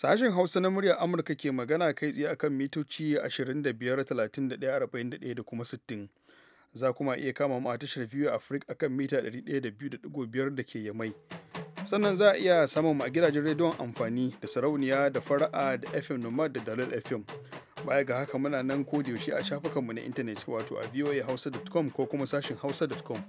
Sashen Hausa na muryar Amurka ke magana kai tsaye akan mitoci 25, 31, 41 da kuma 60. Za kuma iya kama mu a tashar View Africa akan mita 102.5 da ke Yamai. Sannan za a iya samun mu a gidajen rediyon amfani da sarauniya da fara'a da FM Nomad da dalil FM. Baya ga haka muna nan ko da yaushe a shafukanmu na intanet wato a voahausa.com ko kuma sashen hausa.com.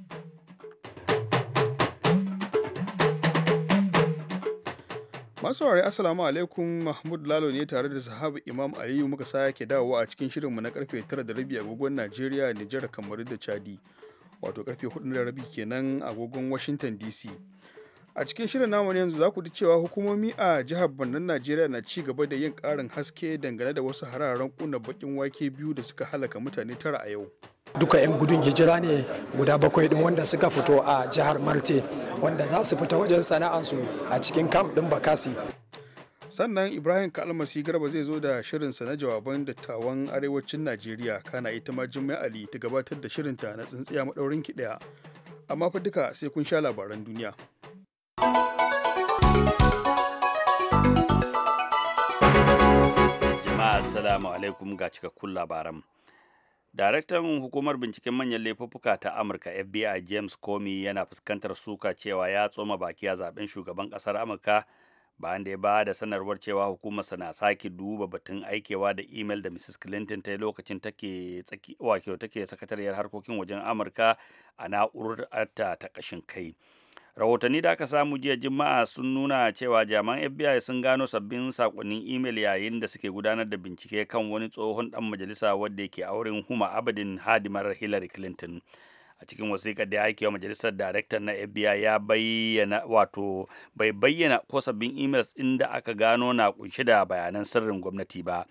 Masu ware asalamu alaikum Mahmud Lalo ne tare da sahabu Imam Aliyu muka sake dawowa a cikin shirinmu na karfe 9 da rabi agogon Najeriya, Nijar, Kamaru da Chadi. Wato karfe 4 da kenan agogon Washington DC. A cikin shirin namu yanzu za ku ji cewa hukumomi a jihar Borno Najeriya na ci gaba da yin karin haske dangane da wasu hararen kuna bakin wake biyu da suka halaka mutane tara a yau. duka 'yan gudun hijira ne guda bakwai din wanda suka fito a jihar marte wanda za su fita wajen sana'ansu a cikin kam din bakasi sannan ibrahim kalmasi garba zai zo da shirinsa na jawaban dattawan arewacin najeriya kana ita ma jummai ali ta gabatar da shirinta na tsintsiya maɗaurin ki ɗaya amma fa duka sai kun sha labaran duniya jama'a assalamu alaikum ga cikakkun labaran Daraktan hukumar binciken manyan laifuffuka ta Amurka FBI James Comey yana fuskantar suka cewa ya tsoma baki a zaben shugaban kasar Amurka bayan da ya ba da sanarwar cewa hukumarsa na sake duba batun aikewa da imel da Mrs. Clinton ta yi lokacin take wato take sakatariyar harkokin wajen Amurka a na'urar ta kashin kai. rahotanni da aka samu jiya juma'a sun nuna cewa jami'an fbi sun gano sabbin sakonnin imel yayin da suke gudanar da bincike kan wani tsohon dan majalisa wadda yake auren huma abadin hadimar hillary clinton a cikin wasiƙar da ake wa majalisar daraktan na FBI ya bayyana wato bai bayyana ko sabbin emails inda aka gano na kunshi da bayanan sirrin gwamnati ba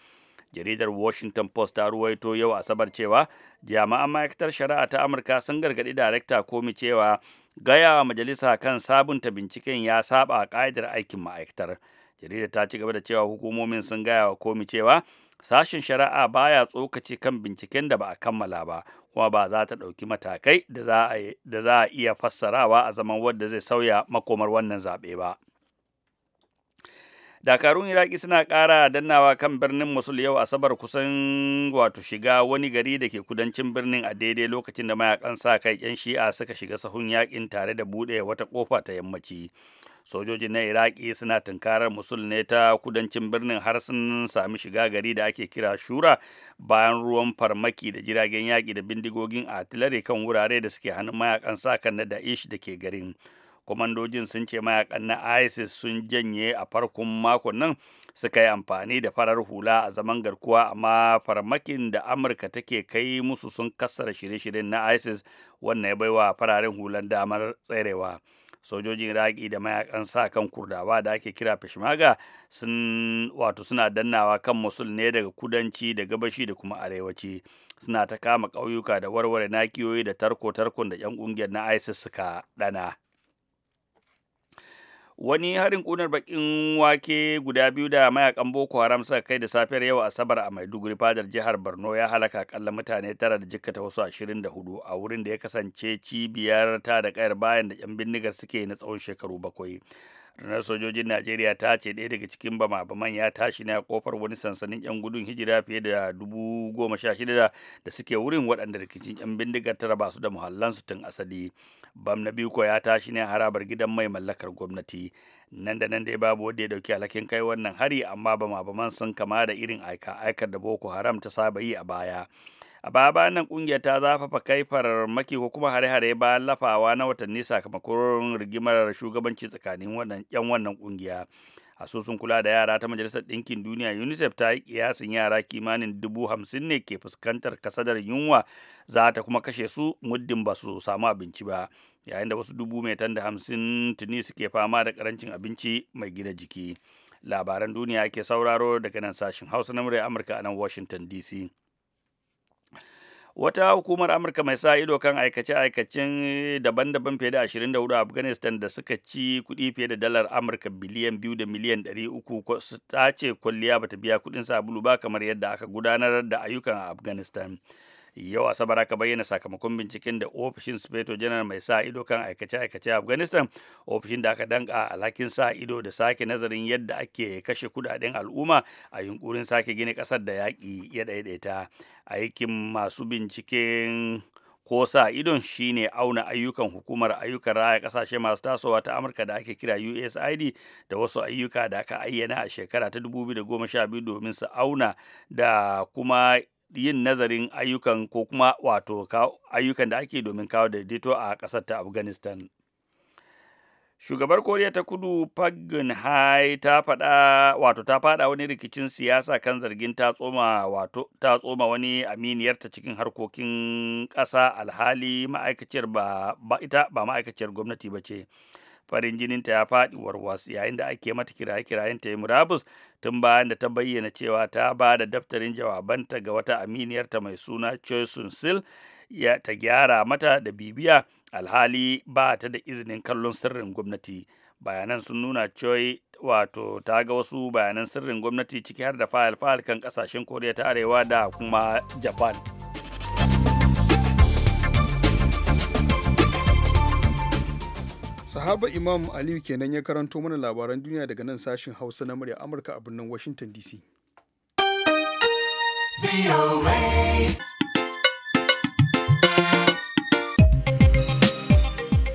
jaridar washington post ta ruwaito yau asabar cewa jami'an ma'aikatar shari'a ta amurka sun gargaɗi darakta komi cewa gaya wa majalisa kan sabunta binciken ya saba ka'idar aikin ma'aikatar jarida ta ci gaba da cewa hukumomin sun gaya wa komi cewa sashen shari'a baya tsokaci kan binciken da ba a kammala ba kuma ba za ta ɗauki matakai da za a iya fassarawa a zaman wadda zai sauya makomar wannan zaɓe ba. dakarun iraki suna kara dannawa kan birnin musul yau asabar kusan wato shiga wani gari da ke kudancin birnin a daidai lokacin da mayakan sa kai yan shi'a suka shiga sahun yakin tare da bude wata kofa ta yammaci sojoji na iraki suna tunkarar musul ne ta kudancin birnin har sun sami shiga gari da ake kira shura bayan ruwan farmaki da jiragen yaki da bindigogin artillery kan wurare da suke hannun mayakan sa kan na da'ish da ke garin kwamandojin sun ce mayakan na isis sun janye a farkon makon nan suka yi amfani da farar hula a zaman garkuwa amma farmakin da amurka take kai musu sun kassara shirye-shiryen na isis wannan ya baiwa fararen hulan damar tserewa sojojin iraki da mayakan sa kan kurdawa da ake kira peshmerga sun wato suna dannawa kan musul ne daga kudanci da gabashi da kuma arewaci suna ta kama ƙauyuka da warware nakiyoyi da tarko-tarkon da 'yan ƙungiyar na isis suka ɗana wani harin kunar bakin wake guda biyu da mayakan boko haram suka kai da safiyar yau asabar a maiduguri fadar jihar borno ya halaka kalla mutane tara da jikkata wasu ashirin da hudu a wurin da ya kasance cibiyar ta da kayar bayan da yan bindigar suke na tsawon shekaru bakwai na sojojin najeriya ta ce ɗaya daga cikin bama-baman ya tashi ne a kofar wani sansanin 'yan gudun hijira fiye da dubu shida da suke wurin waɗanda rikicin 'yan bindigar tara ba su da muhallansu tun asali bam na biyu ya tashi ne harabar gidan mai mallakar gwamnati nan da nan dai babu wanda ya dauki alhakin kai wannan hari amma bama-baman sun kama da irin aika-aikar da boko haram ta saba yi a baya a baya bayan nan kungiyar ta zafafa kai maki ko kuma hare-hare bayan lafawa na watanni sakamakon rigimar shugabanci tsakanin yan wannan kungiya asusun kula da yara ta majalisar ɗinkin duniya unicef ta yi kiyasin yara kimanin dubu hamsin ne ke fuskantar kasadar yunwa za ta kuma kashe su muddin ba su samu abinci ba yayin da wasu dubu mai da hamsin tuni suke fama da karancin abinci mai gina jiki labaran duniya ke sauraro daga nan sashen hausa na murya amurka a nan washington dc wata hukumar amurka mai sa ido kan aikace-aikacen daban-daban fiye da 24 a afghanistan da suka ci kuɗi fiye da dalar amurka biliyan 2 da miliyan 300 ta ce kwalliya bata biya kuɗin sabulu ba kamar yadda aka gudanar da ayyukan a afghanistan yau asabar aka bayyana sakamakon binciken da ofishin speto janar mai sa ido kan aikace-aikace afghanistan ofishin da aka danka alhakin sa ido da sake nazarin yadda ake kashe kudaden al'umma a yunkurin sake gini kasar da yaƙi ya daidaita aikin masu binciken ko sa idon shine auna ayyukan hukumar ayyukan raya kasashe masu tasowa ta amurka da ake kira usid da wasu ayyuka da aka ayyana a shekara ta 2012 domin su auna da kuma yin nazarin ayyukan ko kuma wato ayyukan da ake domin kawo daidaito a ƙasar ta afghanistan shugabar koriya ta kudu Park hai ta faɗa wato ta faɗa wani rikicin siyasa kan zargin ta tsoma wato ta tsoma wani aminiyarta cikin harkokin ƙasa alhali ma'aikaciyar ba ita ba ma'aikaciyar gwamnati ba ce farin jinin ta ya faɗi warwas yayin da ake mata kiraye-kirayen ta yi murabus tun bayan da ta bayyana cewa ta ba da daftarin jawabanta ga wata aminiyarta mai suna Choi Sil ya ta gyara mata da bibiya alhali ba ta da izinin kallon sirrin gwamnati bayanan sun nuna Choi wato ta ga wasu bayanan sirrin gwamnati ciki har da fayil-fayil kan kasashen Koriya ta Arewa da kuma Japan. Sahaba Imam Aliyu kenan ya karanto mana labaran duniya daga nan sashin Hausa na murya Amurka a birnin Washington DC.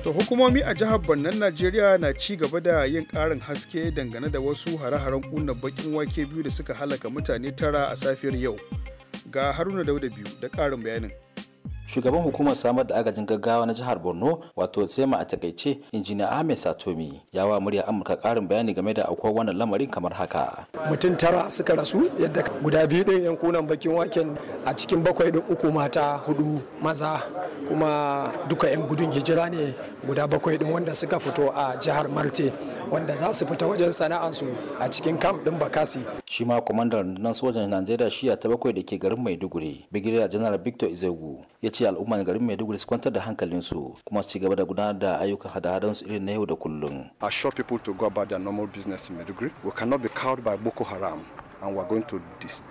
To hukumomi a jihar Bannan Najeriya na ci gaba da yin ƙarin haske dangane da wasu hare-haren ƙuna bakin wake biyu da suka halaka mutane tara a safiyar yau. Ga Haruna Dauda biyu da ƙarin bayanin. shugaban hukumar samar da agajin gaggawa na jihar borno wato sema a takaice injiniya ahmed satomi ya wa murya amurka karin bayani game da akwai wannan lamarin kamar haka mutum tara suka rasu yadda guda biyu ɗin yan kunan bakin waken a cikin bakwai ɗin uku mata hudu maza kuma duka yan gudun hijira ne guda bakwai ɗin wanda suka fito a jihar marte wanda za su fita wajen sana'ansu a cikin kamp ɗin bakasi shi ma kwamandan rundunar sojan najeriya shiya ta bakwai da ke garin maiduguri brigadier janaral victor izegu ya ce al'umman garin maiduguri su kwantar da hankalinsu kuma su ci gaba da gudanar da ayyukan hada-hadan su irin na yau da kullum assure people to go about their normal business in maiduguri we cannot be cowed by boko haram and we're going to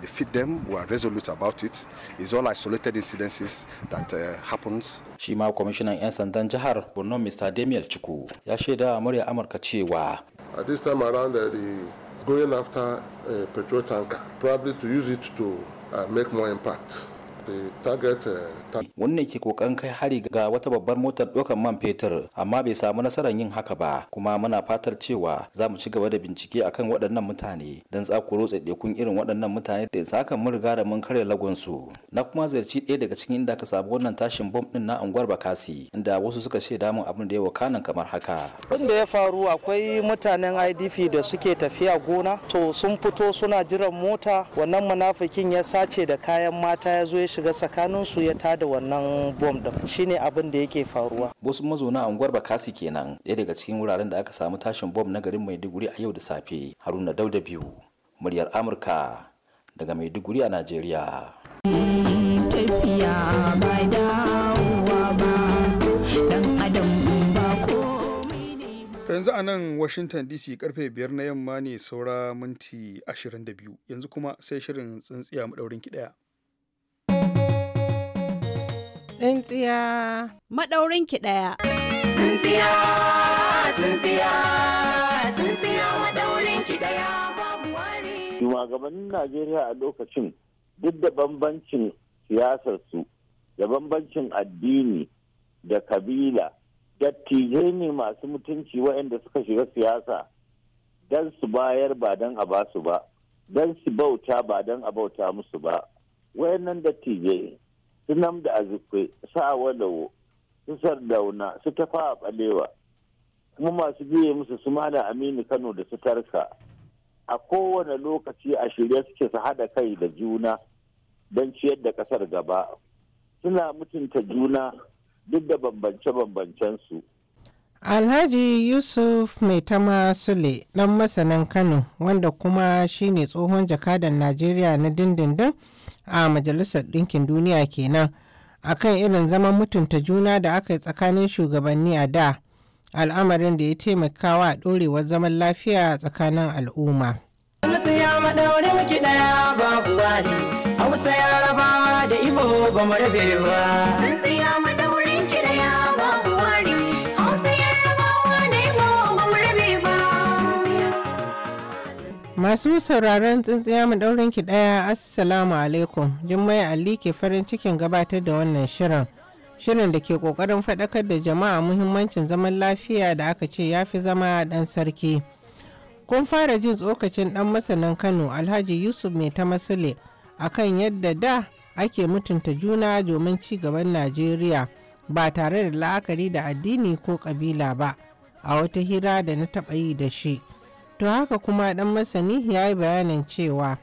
defeat them. We are resolute about it. It's all isolated incidences that uh, happens. Shi ma kwamishinan 'yan sandan jihar Borno Mr. Damiel Chuku ya shaida murya Amurka cewa. At this time around uh, the going after a uh, petrol tanker, probably to use it to uh, make more impact. target. Eh, wannan ke kokarin kai hari ga wata babbar motar ɗaukar man fetur amma bai samu nasarar yin haka ba kuma muna fatar cewa za mu ci gaba da bincike akan waɗannan mutane don tsakuro tsaitsaikun irin waɗannan mutane da saka mun riga da mun karya lagonsu. Na kuma ziyarci ɗaya daga cikin inda aka samu wannan tashin bom ɗin na unguwar Bakasi inda wasu suka ce damun abin da ya wakanan kamar haka. inda ya faru akwai mutanen IDP da suke tafiya gona to sun fito suna jiran mota wannan munafikin ya sace da kayan mata ya zo ya shiga tsakanin su ya tada wannan bom din shine abin da yake faruwa wasu mazauna unguwar bakasi kenan ɗaya daga cikin wuraren da aka samu tashin bom na garin maiduguri a yau da safe haruna dauda biyu muryar amurka daga maiduguri a najeriya yanzu a nan washington dc karfe 5 na yamma ne saura minti 22 yanzu kuma sai shirin tsintsiya madaurin kiɗaya. daya Tsintsiya. Maɗaurin ki ɗaya. Tsintsiya, tsintsiya, tsintsiya maɗaurin ki ɗaya babu wani. gabanin Najeriya a lokacin duk da bambancin siyasar su da bambancin addini da kabila dattijai ne masu mutunci waɗanda suka shiga siyasa don su bayar ba don a ba su ba don su bauta ba don a bauta musu ba wayannan dattijai su namda azikwe sa walawo su dauna su tafa a balewa kuma masu biye musu su mana aminu kano da su tarka a kowane lokaci a shirye suke su hada kai da juna don ciyar da kasar gaba suna mutunta juna duk da bambance-bambancensu. Alhaji Yusuf Maitama Sule ɗan masanin Kano wanda kuma shine tsohon jakadan Najeriya na dindindin a majalisar ɗinkin duniya kenan kan irin zaman mutunta juna da aka yi tsakanin shugabanni a da al'amarin da ya taimakawa a ɗorewar zaman lafiya tsakanin al'umma. da Masu sauraron tsintsiya mu ɗaurin ki ɗaya Assalamu alaikum. Jummai Ali ke farin cikin gabatar da wannan shirin. Shirin da ke ƙoƙarin faɗakar da jama'a muhimmancin zaman lafiya da aka ce ya fi zama ɗan sarki. Kun fara jin tsokacin ɗan masanin Kano Alhaji Yusuf Mai ta Masule a kan yadda da ake mutunta juna domin ci gaban Najeriya ba tare da la'akari da addini ko ƙabila ba a wata hira da na taɓa yi da shi. To haka kuma dan masani ya yi bayanin cewa.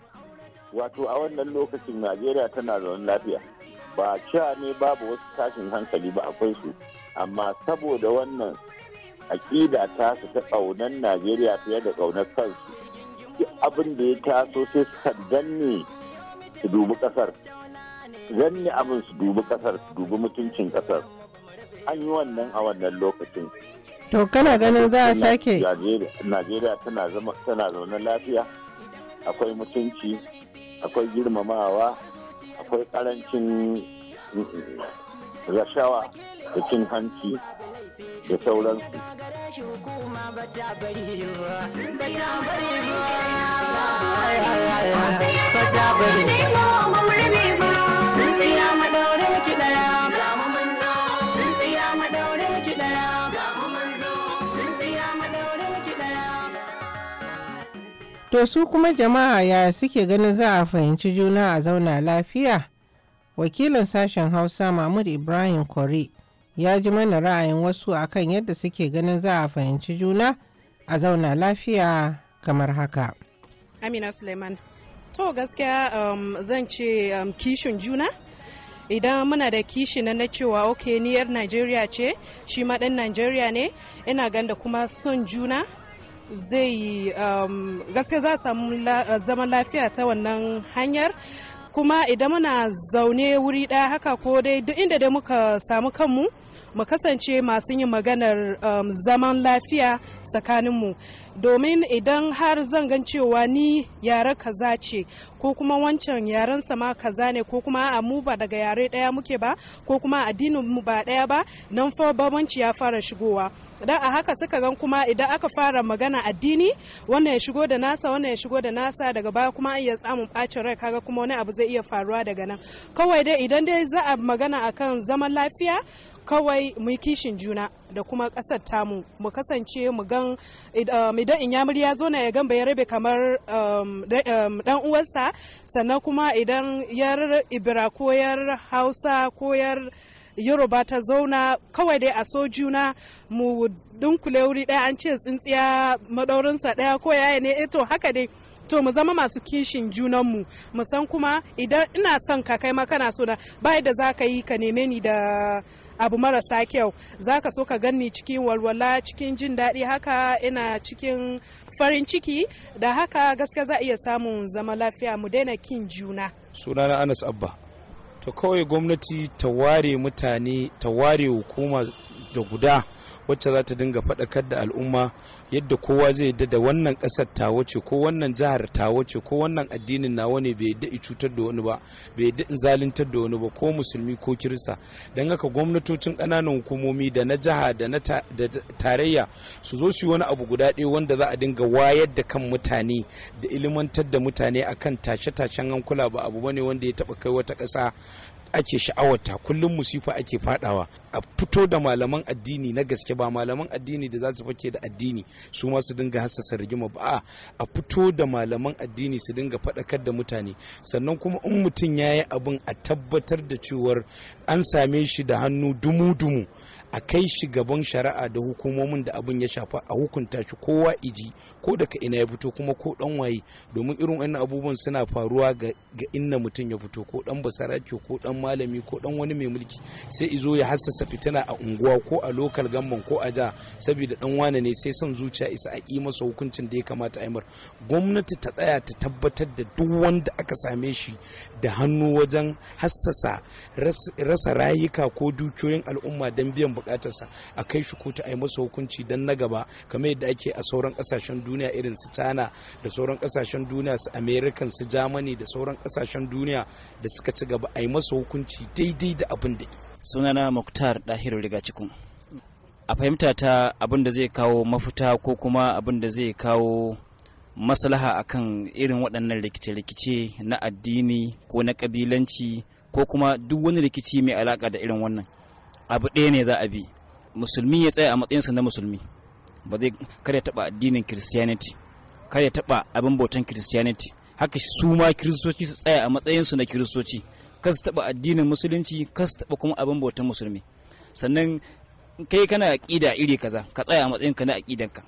Wato a wannan lokacin Najeriya tana zaune lafiya. Ba cewa ne babu wasu tashin hankali ba akwai su, amma saboda wannan aƙida ta su ta ƙaunar Najeriya fiye da ƙaunar kansu. Duk abin da ya taso sai su danne su dubi ƙasar. Zanne abin su dubi ƙasar, su dubi mutuncin ƙasar. An yi wannan a wannan lokacin. to kana ganin za a sake najeriya tana zama tana zaune lafiya akwai mutunci akwai girmamawa akwai karancin mm, rashawa da cin hanci da sauransu Sun To su kuma jama'a ya suke ganin za a fahimci juna a zauna lafiya? Wakilin sashen Hausa Mahmud Ibrahim Kore ya ji mana ra'ayin wasu akan yadda suke ganin za a fahimci juna a zauna lafiya kamar haka. Amina Suleiman. To gaskiya um, zan ce um, kishin juna? idan muna da kishi na na cewa ok ni najeriya ce shi ma dan najeriya ne ina ganda kuma son juna zai um, gaske za a samu zaman lafiya ta wannan hanyar kuma idan muna zaune wuri ɗaya haka ko dai duk inda dai muka samu kanmu mu kasance masu yin maganar um, zaman lafiya tsakaninmu domin idan har zan gan cewa ni yare kaza ce ko kuma wancan yaren sama kaza ne ko kuma a mu ba daga yare ɗaya muke ba ko kuma addinin mu ba ɗaya ba nan fa babanci ya fara shigowa da a haka suka gan kuma idan aka fara magana addini wannan ya shigo da nasa wannan ya shigo da nasa daga baya kuma an iya samun bacin rai kaga kuma wani abu zai iya faruwa daga nan kawai dai idan dai za a magana akan zaman lafiya kawai mu kishin juna da kuma kasar tamu mu kasance mu gan eh, idan inyamuri ya zo na ya gan ya rabe kamar um, dan um, uwarsa sannan kuma idan yar ibira ko hausa ko yoruba ta zauna kawai dai a so juna mu dunkule wuri ɗaya an ce tsintsiya madaurinsa ɗaya ko yaya ne eh to haka dai to mu zama masu kishin junanmu mu san kuma idan ina son ka kai ma kana so na ba da za ka yi ka neme ni da abu marasa kyau za ka so ka ganni cikin walwala cikin jin daɗi haka ina cikin farin ciki da haka gaskiya za a iya samun zama lafiya mu daina kin juna sunana anas abba to kawai gwamnati ta ware mutane ta ware hukuma da guda wacce za ta dinga faɗakar da al'umma yadda kowa zai yadda da wannan ƙasar ta wace ko wannan jihar ta wace ko wannan addinin na wani bai yadda cutar da wani ba bai yadda in zaluntar da wani ba ko musulmi ko kirista don haka gwamnatocin ƙananan hukumomi da na jiha da na tarayya su zo su yi wani abu guda ɗaya wanda za a dinga wayar da kan mutane da ilimantar da mutane akan tashe-tashen hankula ba abu bane wanda ya taɓa kai wata ƙasa ake sha'awarta kullum musifa ake fadawa a fito da malaman addini na gaske ba malaman addini da za su fake da addini su ma su dinga hassasa rigima ba a fito da malaman addini su dinga faɗakar da mutane sannan kuma in mutum ya yi abin a tabbatar da cewar an same shi da hannu dumu-dumu a kai shi gaban shari'a da hukumomin da abin ya shafa a hukunta shi kowa iji ko daga ina ya fito kuma ko dan waye domin irin wannan abubuwan suna faruwa ga inna mutum ya fito ko dan basarake ko dan malami ko dan wani mai mulki sai izo ya hassasa fitina a unguwa ko a lokal gamban ko a ja saboda dan wane ne sai son zuciya isa a ki masa hukuncin da ya kamata a yi mar gwamnati ta tsaya ta tabbatar da duk wanda aka same shi da hannu wajen hassasa rasa rayuka ko dukiyoyin al'umma dan biyan bukatarsa a kai shi kotu a yi masa hukunci don na gaba kamar yadda ake a sauran kasashen duniya irin su china da sauran kasashen duniya su american su germany da sauran kasashen duniya da suka ci gaba a yi masa hukunci daidai da abin da sunana muktar dahiru riga cikin a fahimta ta abin da zai kawo mafita ko kuma abin da zai kawo maslaha akan irin waɗannan rikice-rikice na addini ko na ƙabilanci ko kuma duk wani rikici mai alaƙa da irin wannan abu ɗaya ne za a bi musulmi ya tsaya a matsayinsa na musulmi ba zai kare taɓa addinin christianity kare taɓa abin bautan christianity haka su ma kiristoci su tsaya a matsayinsu na kiristoci kasu su taɓa addinin musulunci kasu taɓa kuma abin bautan musulmi sannan kai kana aƙida iri kaza ka tsaya a ka na aƙidanka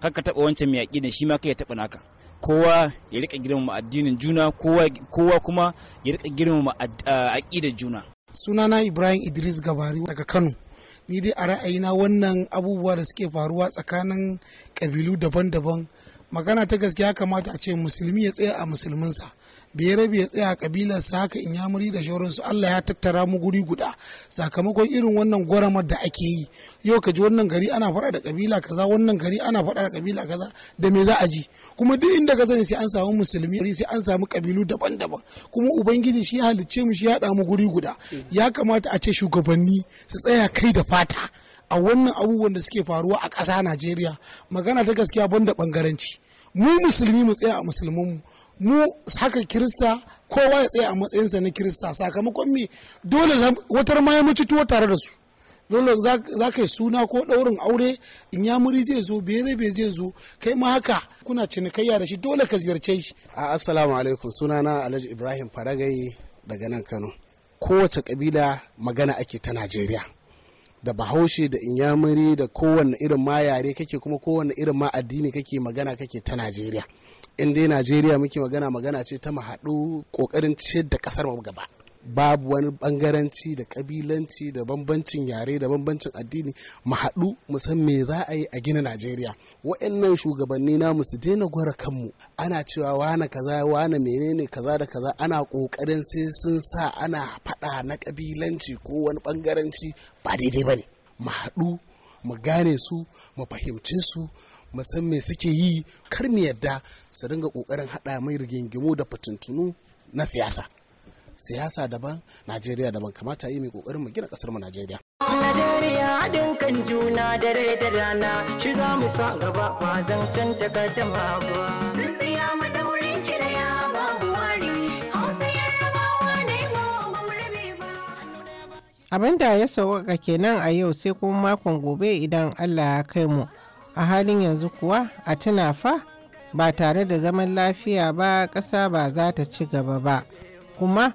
kar ka taɓa wancan mai aƙidan shi ma kai ya taɓa naka kowa ya rika girmama addinin juna kowa kuma ya rika girmama aƙidan juna sunana ibrahim idris gabari daga kano ni dai a ra'ayina wannan abubuwa da suke faruwa tsakanin kabilu daban-daban magana ta gaske ya kamata a ce musulmi ya tsaya a musulminsa rabi ya tsaya a kabilarsa haka in yamuri da shauransu allah ya tattara mu guri guda sakamakon irin wannan gwaramar da ake yi yau ka ji wannan gari ana faɗa da kabila kaza wannan gari ana faɗa da kabila kaza da me za a ji kuma duk inda ka sani sai an samu musulmi sai an samu kabilu daban-daban kuma ubangiji shi halicce mu shi ya haɗa mu guri guda ya kamata a ce shugabanni su tsaya kai da fata a wannan abubuwan da suke faruwa a ƙasa najeriya magana ta gaskiya ban da ɓangaranci. mu musulmi mu tsaya a musulmanmu mu haka kirista kowa ya tsaya a matsayinsa na kirista sakamakon me dole watar ma ya mace tuwa tare da su dole za ka yi suna ko ɗaurin aure in ya muri zai zo bere bai zai zo kai ma haka kuna cinikayya da shi dole ka ziyarce shi a assalamu alaikum sunana alhaji ibrahim faragai daga nan kano kowace kabila magana ake ta najeriya da bahaushe da inyamuri da kowane irin ma yare kake kuma kowane irin ma addini kake magana kake ta najeriya in dai najeriya muke magana magana ce ta mu haɗu ƙoƙarin ciyar da ƙasar gaba babu wani bangaranci da kabilanci da bambancin yare da bambancin addini mu haɗu mu san me za a yi a gina najeriya wa'annan shugabanni na su daina gwara kanmu ana cewa wane kaza wane menene kaza da kaza ana ƙoƙarin sai sun sa ana faɗa na kabilanci ko wani bangaranci ba daidai ba ne mu haɗu mu gane su mu fahimci su mu san me suke yi kar mu yadda su dinga ƙoƙarin haɗa mai rigingimu da fitintunu na siyasa siyasa daban najeriya daban kamata yi mai kokarin mu gina kasar mu najeriya Najeriya haɗin kan juna da rai da rana shi za mu sa gaba ba zancen takardama ba. Sun tsaya mu da kiraya babu wari ba Abin da ya sauƙaƙa kenan a yau sai kuma makon gobe idan Allah ya kai mu. A halin yanzu kuwa a tuna fa ba tare da zaman lafiya ba ƙasa ba za ta ci gaba ba. Kuma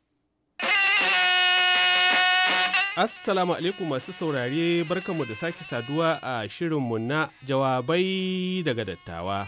Assalamu alaikum masu saurare barkanmu da sake saduwa a mu na jawabai daga dattawa.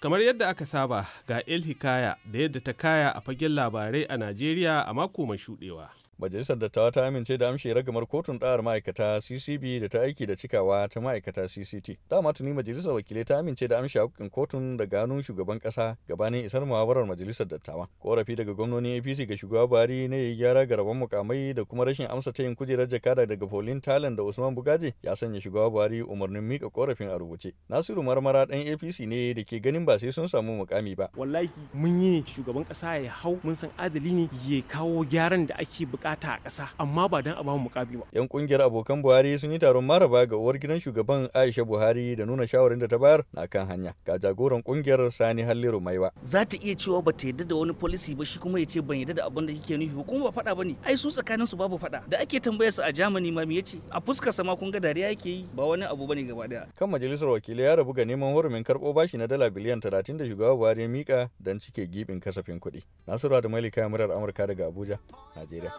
Kamar yadda aka saba ga El Hikaya da yadda ta kaya a fagen labarai a Najeriya a mako mai shuɗewa. Majalisar Dattawa ta amince da amshi ragamar kotun da'ar ma'aikata CCB da ta aiki da cikawa ta ma'aikata CCT. Dama tuni majalisar wakilai ta amince da amshe haƙƙin kotun da ganun shugaban ƙasa gabanin isar muhawarar majalisar dattawa. Korafi daga gwamnonin APC ga shugaba Buhari ne ya yi gyara ga rabon mukamai da kuma rashin amsa ta yin kujerar jakada daga Paulin Talan da Usman Bugaje ya sanya shugaba Buhari umarnin mika korafin a rubuce. Nasiru Marmara dan APC ne da ke ganin ba sai sun samu mukami ba. Wallahi mun yi shugaban ƙasa ya hau mun san adali ne ya kawo gyaran da ake buƙata bukata a ƙasa amma ba don a bamu ba. Yan kungiyar abokan Buhari sun yi taron maraba ga uwar gidan shugaban Aisha Buhari da nuna shawarin da ta bayar na kan hanya. Ga jagoran kungiyar Sani Halliru Maiwa. Za ta iya cewa ba ta yarda da wani policy ba shi kuma ya ce ban yarda da abin da kike nufi ba kuma ba faɗa ba ne. Ai su tsakaninsu su babu faɗa. Da ake tambayar su a Germany ma ya ce A fuska sama kun ga dariya yake yi ba wani abu ba ne gaba ɗaya. Kan majalisar wakilai ya rabu ga neman hurumin karɓo bashi na dala biliyan talatin da shugaba Buhari ya mika don cike gibin kasafin kuɗi. Nasiru da Malika murar Amurka daga Abuja, Najeriya.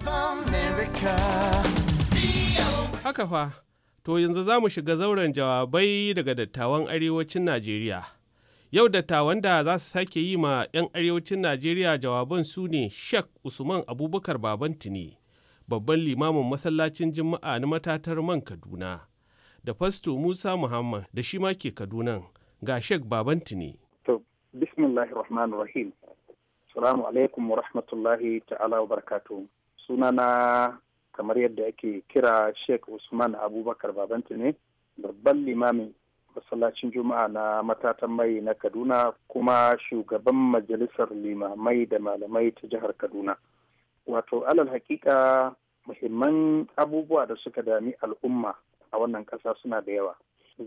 Haka fa, to yanzu za mu shiga zauren jawabai daga dattawan arewacin Najeriya. Yau dattawan da za su sake yi ma 'yan arewacin Najeriya jawaban su ne Sheikh Usman Abubakar Babantini, babban limamin masallacin Juma'a na matatar man Kaduna, da Fasto Musa Muhammad da shi ma ke kaduna ga Sheikh Babantini. To, bismillahir rahim. Salamu alaikum wa rahmatullahi ta'ala wa sunana kamar yadda ake kira sheikh usman abubakar babanta ne babban limamin masallacin juma'a na matatan mai na kaduna kuma shugaban majalisar limamai da malamai ta jihar kaduna wato alal hakika muhimman abubuwa da suka dami al'umma a wannan ƙasa suna da yawa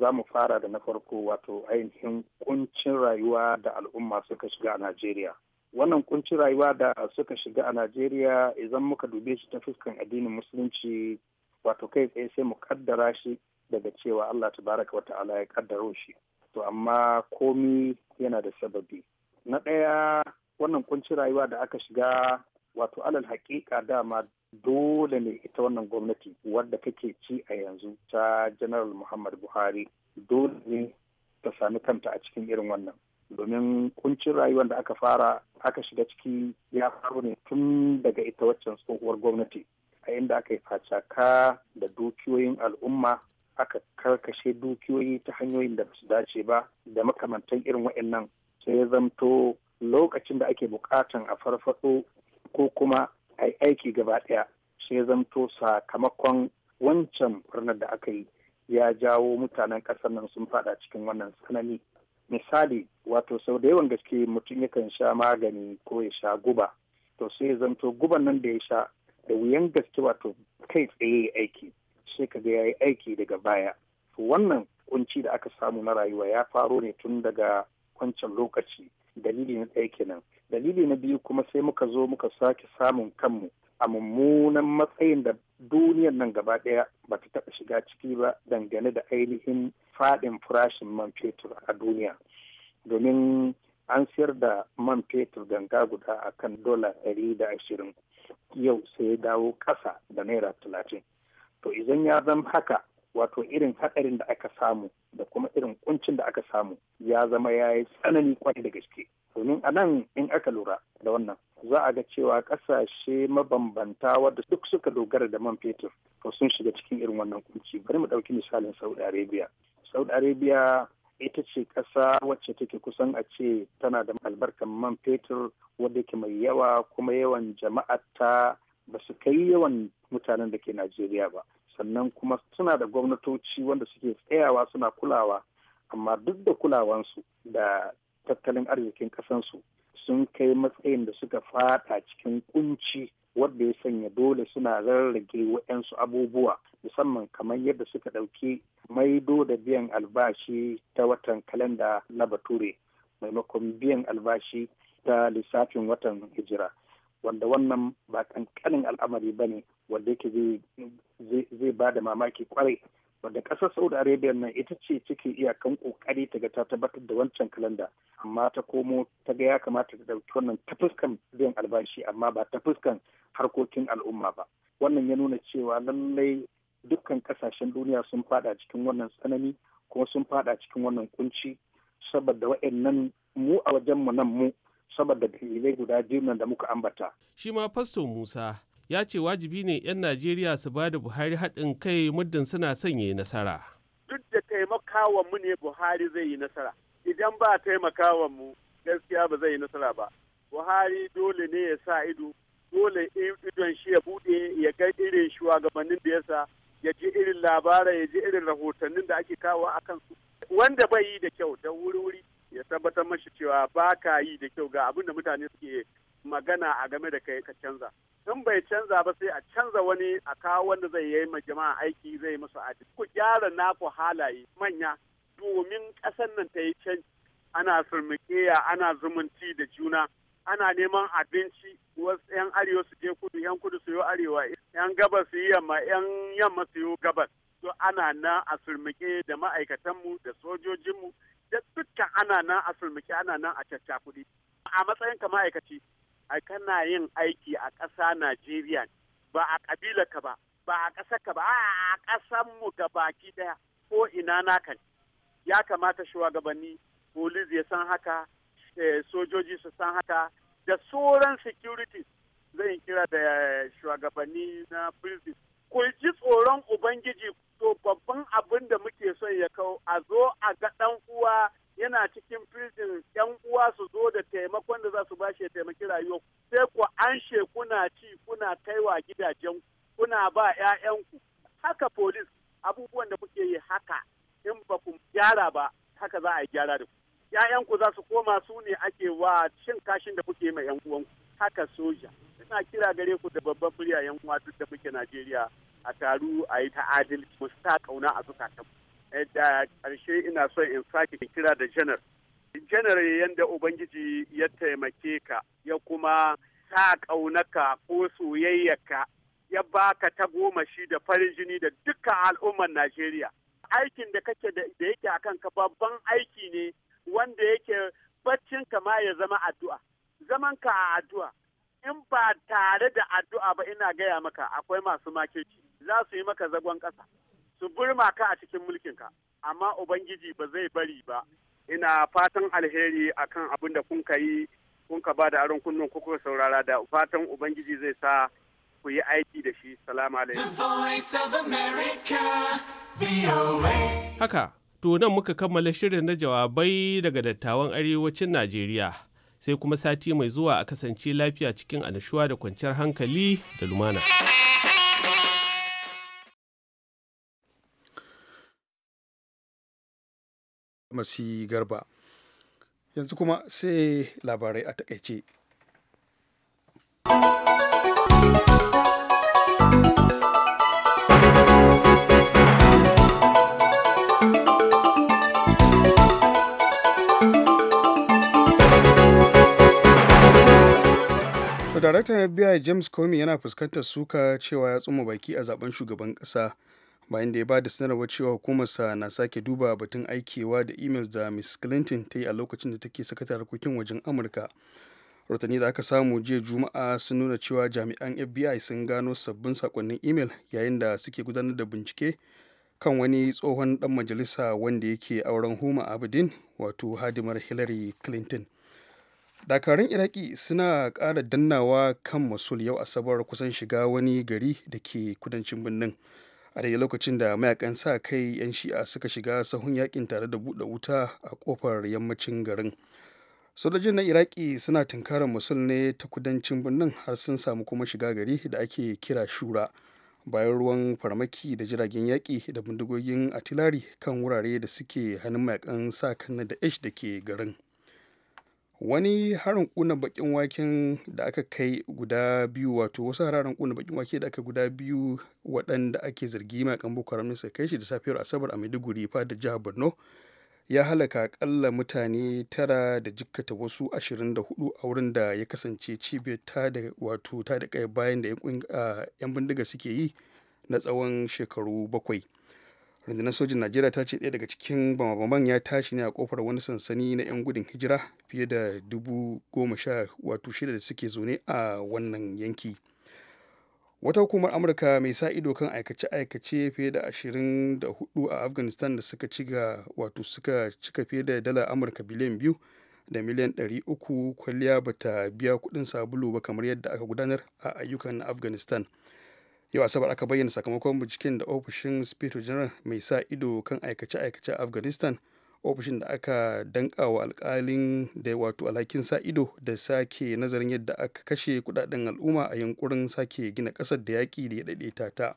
za mu fara da na farko wato ainihin kuncin rayuwa da al'umma suka shiga a najeriya wannan kuncin rayuwa da suka shiga a najeriya idan muka dube shi ta fuskan addinin musulunci wato kai tsaye sai mu kaddara shi daga cewa allah ta tabaraka wa ta'ala ya kaddaro shi to amma komi yana da sababi na ɗaya wannan kuncin rayuwa da aka shiga wato alal haƙiƙa dama dole ne ita wannan gwamnati wadda kake ci a yanzu ta general muhammad buhari dole ne ta sami kanta a cikin irin wannan domin kuncin rayuwar da aka fara aka shiga ciki ya faru ne tun daga ita waccan tsohuwar gwamnati a inda aka yi facaka da dukiyoyin al'umma aka karkashe dukiyoyi ta hanyoyin da basu dace ba da makamantan irin waɗannan sai ya zamto lokacin da ake bukatan a farfaɗo ko kuma a yi aiki gaba ɗaya sai ya zamto sakamakon wancan birnin da aka yi ya jawo mutanen ƙasar nan sun faɗa cikin wannan tsanani misali wato sau da yawan gaske mutum yakan sha magani ko ya sha guba to sai ya zanto guban nan da ya sha da wuyan gaske wato kai tsaye ya aiki sai ka ga ya yi aiki daga baya wannan kunci da aka samu na rayuwa ya faro ne tun daga wancan lokaci dalili na ɗaya kenan dalili na biyu kuma sai muka zo muka sake samun kanmu a mummunan matsayin da duniyar nan gaba ɗaya ba ta taɓa shiga ciki ba dangane da ainihin faɗin farashin man fetur a duniya domin an siyar da man fetur ganga guda a kan dola ɗari da ashirin yau sai ya dawo ƙasa da naira talatin to idan ya zama haka wato irin haɗarin da aka samu da kuma irin kuncin da aka samu ya zama ya yi tsanani kwarai da gaske domin a nan in aka lura da wannan za a ga cewa kasashe mabambanta wadda duk suka dogara da man fetur to sun shiga cikin irin wannan kunci bari mu ɗauki misalin saudi arabia saudi arabia ita ce ƙasa wacce take kusan a ce tana da albarkar man fetur wadda yake mai yawa kuma yawan jama'ata ba su kai yawan mutanen da ke najeriya ba sannan kuma suna da gwamnatoci wanda suke tsayawa suna kulawa amma duk da kulawansu da tattalin arzikin kasansu sun kai matsayin da suka fada cikin kunci wadda ya sanya dole suna rarrage waɗansu abubuwa musamman kamar yadda suka ɗauki maido da biyan albashi ta watan kalanda na bature maimakon biyan albashi ta lissafin watan hijira wanda wannan ba kankanin al'amari ba ne wanda yake zai ba da mamaki kwarai wadda ƙasar saudi arabia nan ita ce cike iyakan ƙoƙari ta ga ta tabbatar da wancan kalanda amma ta komo ta ga ya kamata ta ɗauki wannan ta fuskan biyan albashi amma ba ta fuskan harkokin al'umma ba wannan ya nuna cewa lallai dukkan ƙasashen duniya sun fada cikin wannan tsanani kuma sun fada cikin wannan kunci saboda wa'annan mu a wajenmu nan mu saboda dalilai guda biyu da muka ambata. Shi ma Fasto Musa ya ce wajibi ne 'yan Najeriya su ba da Buhari haɗin kai muddin suna son yi nasara. Duk da taimakawa mu ne Buhari zai yi nasara. Idan ba taimakawa mu gaskiya ba zai yi nasara ba. Buhari dole ne ya sa ido, dole idon shi ya buɗe ya ga irin shugabannin da ya sa, ya ji irin labarai, ya ji irin rahotannin da ake kawo a kansu. Wanda bai yi da kyau da wuri-wuri ya tabbatar mashi cewa ba ka yi da kyau ga abinda mutane suke magana a game da kai ka canza in bai canza ba sai a canza wani a kawo wanda zai yi ma jama'a aiki zai musu aji ku gyara naku halaye manya domin ƙasar nan ta yi canji ana firmikeya ana zumunci da juna ana neman abinci wasu 'yan arewa su je kudu 'yan kudu su yi arewa 'yan gabas su yi yamma 'yan yamma su yi gabas to ana nan a firmike da ma'aikatanmu da sojojinmu da dukkan ana nan a firmike ana nan a caccakuɗi a matsayin ka ma'aikaci a kana yin aiki a ƙasa Najeriya ba a ƙabila ka ba ba a ƙasa ka ba a ƙasan mu ga baki ɗaya ko ina naka ya kamata shugabanni polis ya san haka eh, sojoji su san haka da sauran securities zan kira da eh, shugabanni na business ku ji tsoron ubangiji to babban abin da muke son ya kawo a zo a ga ɗan uwa yana cikin firzin yan uwa su zo da taimakon da za su ba shi taimaki rayuwa sai ku anshe kuna ci kuna kaiwa gidajen kuna ba 'ya'yanku haka polis abubuwan da kuke yi haka in ba ku gyara ba haka za a yi gyara da ku 'ya'yanku za su koma su ne ake wa cin kashin da kuke yi ma 'yan uwanku haka soja ina kira gare ku da babban murya yan uwa duk da muke Najeriya a taru a yi ta adalci mu sa kauna a zukatan eh, da karshe ina son in sake kira da janar janar yanda ubangiji ya taimake ka ya kuma sa ƙaunaka ko ka ya baka ta goma shi da farin jini da dukkan al'ummar Najeriya aikin da kake da yake akan ka babban aiki ne wanda yake baccin ma ya zama addu'a zaman ka a addu'a in ba tare da addu'a ba ina gaya maka akwai masu makeci za su yi maka zagon ƙasa su burma ka a cikin mulkinka amma ubangiji ba zai bari ba ina fatan alheri akan abin da kun ka yi kun ka ba da aron kunnen kuka saurara da fatan ubangiji zai sa ku yi aiki da shi salamu haka to nan muka kammala shirin na jawabai daga dattawan arewacin najeriya sai kuma sati mai zuwa a kasance lafiya cikin annashuwa da kwanciyar hankali da lumana. Masi Garba. Yanzu kuma sai labarai a takaice. daraktan FBI James Comey yana fuskantar suka cewa ya tsuma baki a zaben shugaban kasa bayan da ya ba da sanarwar cewa hukumarsa na sake duba batun aikewa da emails da Miss Clinton ta yi a lokacin da take sakatar harkokin wajen Amurka. Rotani da aka samu jiya Juma'a sun nuna cewa jami'an FBI sun gano sabbin sakonnin email yayin da suke gudanar da bincike kan wani tsohon dan majalisa wanda yake auren Huma Abedin wato hadimar Hillary Clinton. dakarun iraki suna ƙara dannawa kan masul yau asabar kusan shiga wani gari da ke kudancin birnin a daidai lokacin da mayakan sa kai 'yan shi'a suka shiga sahun yakin tare da buɗe wuta a ƙofar yammacin garin sojojin na iraki suna tunkarar masul ne ta kudancin birnin har sun samu kuma shiga gari da ake kira shura bayan ruwan farmaki da jiragen yaƙi da bindigogin atilari kan wurare da suke hannun mayakan sa kan da da ke garin wani harin kuna bakin waken da aka kai guda biyu wato wasu hararen kuna bakin wake da aka guda biyu waɗanda ake zargi kan boko haram sai kai shi da safiyar asabar a maiduguri fadar jihar borno ya halaka akalla mutane tara da jikkata wasu ashirin da 24 a wurin da ya kasance cibiyar ta da wato ta da kai bayan da yan bindiga suke yi na tsawon shekaru bakwai rundunar sojin najeriya ta ce ɗaya daga cikin bamabaman ya tashi ne a kofar wani sansani na 'yan gudun hijira fiye da dubu goma sha wato shida da suke zaune a wannan yanki wata hukumar amurka mai sa ido kan aikace-aikace fiye da ashirin da hudu a afghanistan da suka ci wato suka cika fiye da dala amurka biliyan biyu da miliyan uku kwalliya bata biya kudin sabulu ba kamar yadda aka gudanar a ayyukan afghanistan yau asabar aka bayyana sakamakon binciken da ofishin spirit general mai sa ido kan aikace-aikace afghanistan ofishin da aka danka wa alkalin da wato alhakin sa ido da sake nazarin yadda aka kashe kudaden al'umma a yankurin sake gina kasar da yaƙi da ya daɗe ta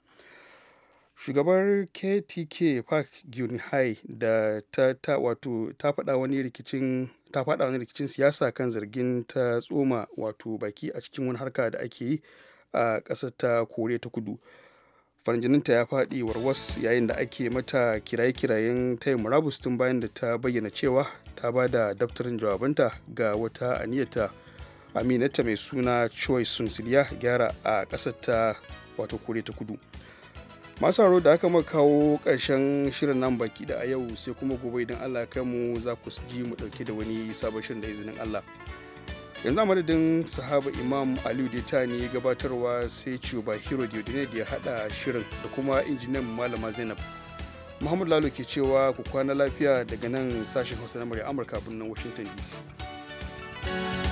shugabar ktk park gyunhai da ta, ta wato ta faɗa wani rikicin ta faɗa wani rikicin siyasa kan zargin ta tsoma wato baki a cikin wani harka da ake yi a ƙasar ta koriya ta kudu farjininta ya faɗi warwas yayin da ake mata kiraye-kirayen taya murabus tun bayan da ta bayyana cewa ta ba da daftarin jawabanta ga wata aniyata aminata mai suna choice sunsiliya gyara a ƙasar ta wato koriya ta kudu masu haro da aka kawo ƙarshen shirin nan baki da a yau sai kuma gobe idan allah ya kai mu za ku ji mu ɗauke da wani sabon shirin da izinin allah yanzu amadadin madadin sahaba imam aliyu da ta ne gabatarwa sai cuba hero diodine da ya hada shirin da kuma injiniyan malama zainab muhammadu lalo ke cewa ku kwana lafiya daga nan sashen hausa na murya amurka birnin washington dc